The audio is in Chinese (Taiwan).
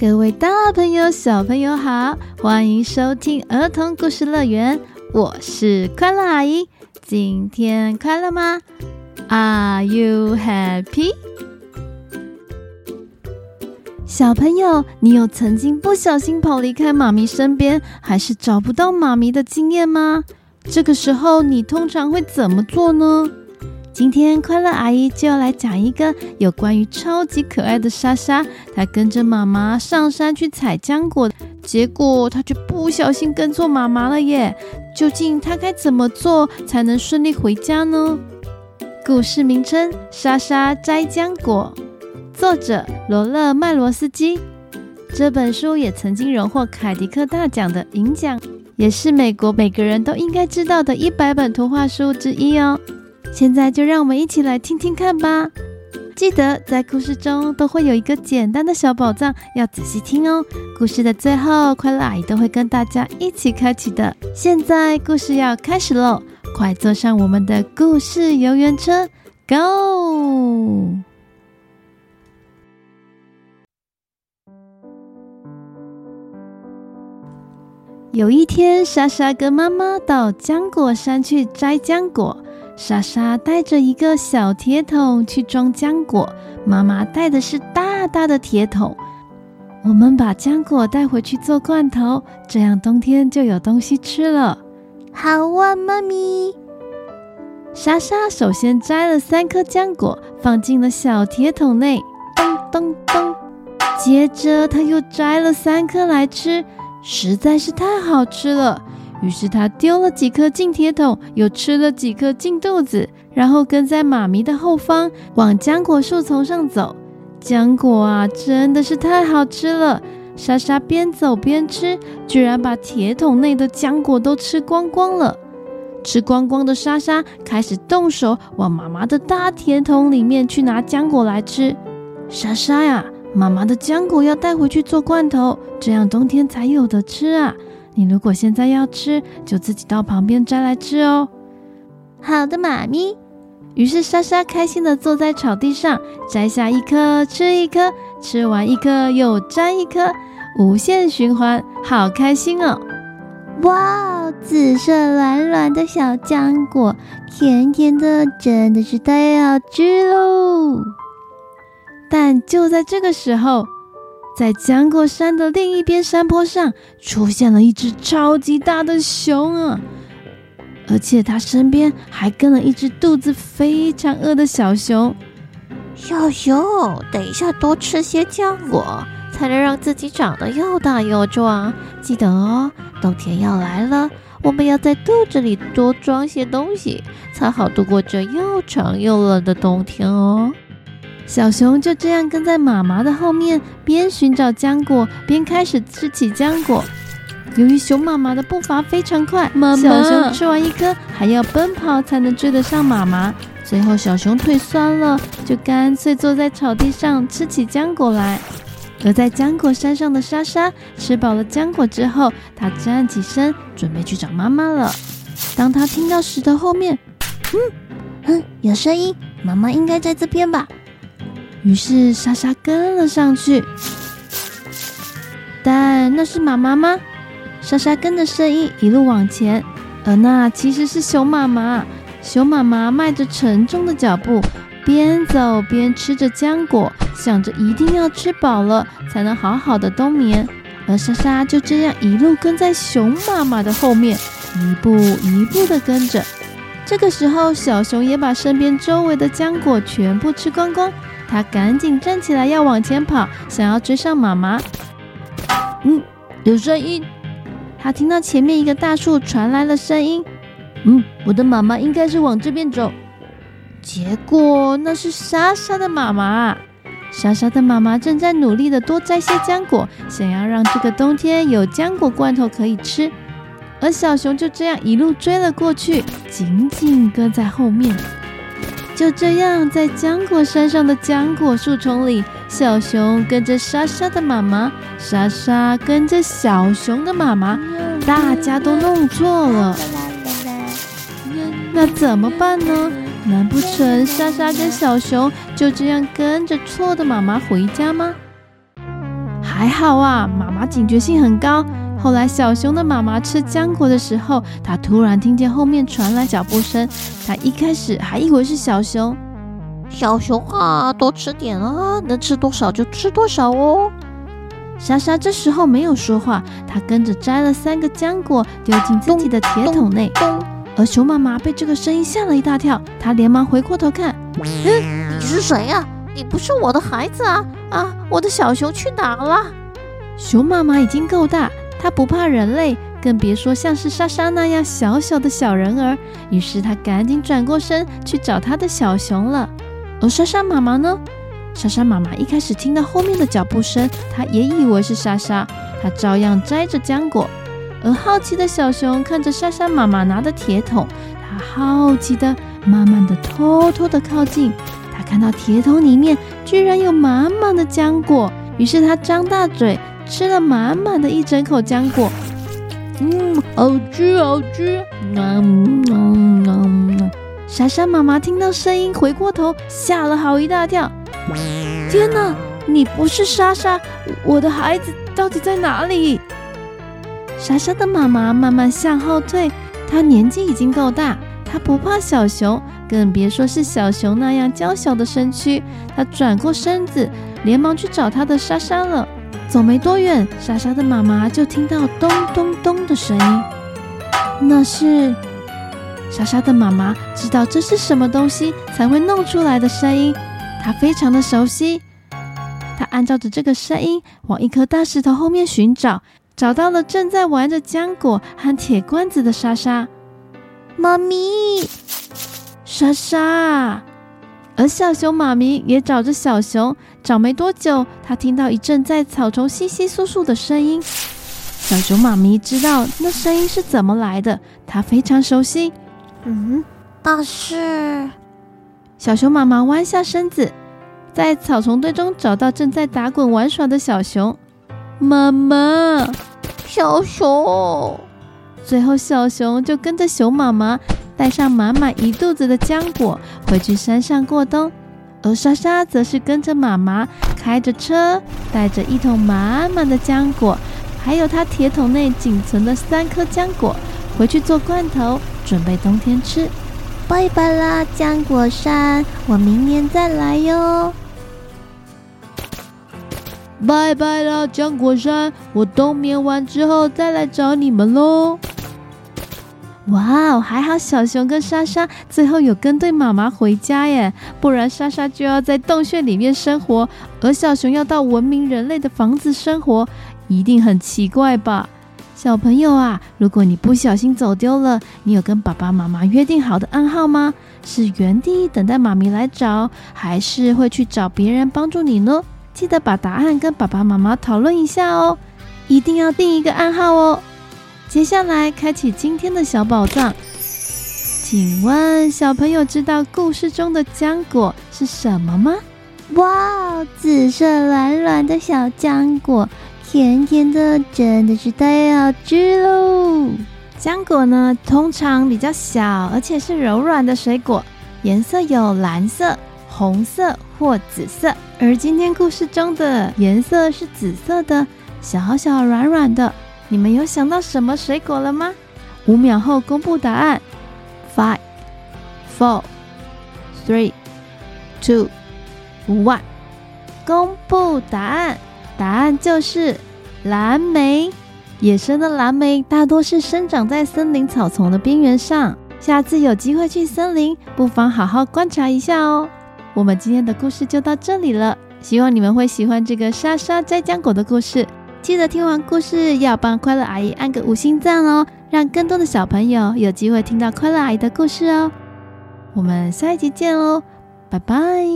各位大朋友、小朋友好，歡迎收聽兒童故事樂園，我是快樂阿姨。今天快樂嗎？Are you happy？小朋友，你有曾經不小心跑離開媽咪身邊，還是找不到媽咪的經驗嗎？這個時候，你通常會怎麼做呢？今天快樂阿姨就要來講一個有關於超級可愛的莎莎。她跟着媽媽上山去採漿果，結果她卻不小心跟錯媽媽了耶！究竟她該怎麼做才能順利回家呢？故事名稱《莎莎摘漿果》，作者羅勒麥羅斯基。這本書也曾經榮獲凱迪克大獎的銀獎，也是美國每個人都應該知道的一百本圖畫書之一哦。現在就讓我們一起來聽聽看吧！記得在故事中都會有一個簡單的小寶藏，要仔細聽哦。故事的最後，快樂阿姨都會跟大家一起開啟的。現在故事要開始嘍，快坐上我們的故事遊園車，Go！有一天，莎莎跟媽媽到漿果山去摘漿果。莎莎帶着一個小鐵桶去裝漿果，媽媽帶的是大大的鐵桶。我們把漿果帶回去做罐頭，這樣冬天就有東西吃了。好啊，媽咪。莎莎首先摘了三顆漿果，放進了小鐵桶內，咚咚咚咚。接着，她又摘了三顆來吃，實在是太好吃了。於是他丟了幾顆進鐵桶，又吃了幾顆進肚子，然後跟在媽咪的後方往漿果樹叢上走。漿果啊，真的是太好吃了！莎莎邊走邊吃，居然把鐵桶內的漿果都吃光光了。吃光光的莎莎開始動手往媽媽的大鐵桶裡面去拿漿果來吃。莎莎呀、啊，媽媽的漿果要帶回去做罐頭，這樣冬天才有得吃啊！你如果現在要吃，就自己到旁邊摘來吃哦。好的，媽咪。於是莎莎開心的坐在草地上，摘下一顆，吃一顆，吃完一顆又摘一顆，無限循環，好開心哦！哇，紫色軟軟的小漿果，甜甜的，真的是太好吃嘍！但就在這個時候。在漿果山的另一邊山坡上，出現了一隻超級大的熊啊！而且它身邊還跟了一隻肚子非常餓的小熊。小熊，等一下多吃些漿果，才能讓自己長得又大又壯。記得哦，冬天要來了，我們要在肚子裡多裝些東西，才好度過這又長又冷的冬天哦。小熊就這樣跟在媽媽的後面，邊尋找漿果，邊開始吃起漿果。由於熊媽媽的步伐非常快，媽媽小熊吃完一顆還要奔跑才能追得上媽媽。最後，小熊腿痠了，就乾脆坐在草地上吃起漿果來。而在漿果山上的莎莎，吃飽了漿果之後，她站起身準備去找媽媽了。當她聽到石頭後面，嗯嗯，有聲音，媽媽應該在這邊吧。於是莎莎跟了上去，但那是媽媽嗎？莎莎跟着聲音一路往前，而那其實是熊媽媽。熊媽媽邁着沉重的腳步，邊走邊吃着漿果，想着一定要吃飽了才能好好的冬眠。而莎莎就這樣一路跟在熊媽媽的後面，一步一步的跟着。這個時候，小熊也把身邊周圍的漿果全部吃光光。他趕緊站起來要往前跑，想要追上媽媽。嗯，有聲音！他聽到前面一個大樹傳來了聲音。嗯，我的媽媽應該是往這邊走。結果那是莎莎的媽媽。莎莎的媽媽正在努力的多摘些漿果，想要讓這個冬天有漿果罐頭可以吃。而小熊就這樣一路追了過去，緊緊跟在後面。就這樣，在漿果山上的漿果樹叢裡，小熊跟着莎莎的媽媽，莎莎跟着小熊的媽媽，大家都弄錯了。那怎麼辦呢？難不成莎莎跟小熊就這樣跟着錯的媽媽回家嗎？還好啊，媽媽警覺性很高。後來小熊的媽媽吃漿果的時候，她突然聽見後面傳來腳步聲。她一開始還以為是小熊。小熊啊，多吃點啊，能吃多少就吃多少哦。莎莎這時候沒有說話，她跟着摘了三個漿果，丟進自己的鐵桶內。咚，咚，咚，咚，而熊媽媽被這個聲音嚇了一大跳，她連忙回過頭看，嗯、呃，你是誰呀？啊？你不是我的孩子啊？啊，我的小熊去哪兒了？熊媽媽已經夠大，它不怕人類，更別說像是莎莎那樣小小的小人兒。於是它趕緊轉過身去找它的小熊了。而莎莎媽媽呢？莎莎媽媽一開始聽到後面的腳步聲，她也以為是莎莎，她照樣摘着漿果。而好奇的小熊看着莎莎媽媽拿的鐵桶，它好奇地、慢慢地、偷偷地靠近。他看到鐵桶裡面居然有滿滿的漿果，於是他張大嘴吃了滿滿的一整口漿果。嗯，好吃，好吃。嗯嗯嗯嗯。莎莎媽媽聽到聲音回過頭，嚇了好一大跳。天哪，你不是莎莎，我的孩子到底在哪裡？莎莎的媽媽慢慢向後退，她年紀已經夠大。他不怕小熊，更別說是小熊那樣嬌小的身軀。他轉過身子，連忙去找他的莎莎了。走沒多遠，莎莎的媽媽就聽到咚咚咚的聲音。那是莎莎的媽媽知道這是什麼東西才會弄出來的聲音，她非常的熟悉。她按照着這個聲音往一顆大石頭後面尋找，找到了正在玩着漿果和鐵罐子的莎莎。媽咪，莎莎。而小熊媽咪也找着小熊，找沒多久，她聽到一陣在草叢窸窸窣窣的聲音。小熊媽咪知道那聲音是怎麼來的，她非常熟悉。嗯，但是小熊媽媽彎下身子，在草叢堆中找到正在打滾玩耍的小熊。媽媽，小熊。最後，小熊就跟着熊媽媽，帶上滿滿一肚子的漿果回去山上過冬；而莎莎則是跟着媽媽開着車，帶着一桶滿滿的漿果，還有她鐵桶內僅存的三顆漿果，回去做罐頭，準備冬天吃。拜拜啦，漿果山，我明年再來喲。拜拜啦，漿果山，我冬眠完之後再來找你們咯。哇哦，還好小熊跟莎莎最後有跟對媽媽回家耶，不然莎莎就要在洞穴裡面生活，而小熊要到文明人類的房子生活，一定很奇怪吧？小朋友啊，如果你不小心走丟了，你有跟爸爸媽媽約定好的暗號嗎？是原地等待媽咪來找，還是會去找別人幫助你呢？記得把答案跟爸爸媽媽討論一下哦，一定要定一個暗號哦。接下來開啟今天的小寶藏，請問小朋友知道故事中的漿果是什麼嗎？哇哦，紫色軟軟的小漿果，甜甜的，真的是太好吃了！漿果呢，通常比較小，而且是柔軟的水果，顏色有藍色、紅色或紫色。而今天故事中的顏色是紫色的，小小軟軟的。你們有想到什麼水果了嗎？五秒後公布答案。Five, four, three, two, one。公布答案，答案就是藍莓。野生的藍莓大多是生長在森林草叢的邊緣上。下次有機會去森林，不妨好好觀察一下哦。我們今天的故事就到這裡了，希望你們會喜歡這個莎莎摘漿果的故事。記得聽完故事，要幫快樂阿姨按個五星贊哦，讓更多的小朋友有機會聽到快樂阿姨的故事哦。我們下一集見哦，拜拜。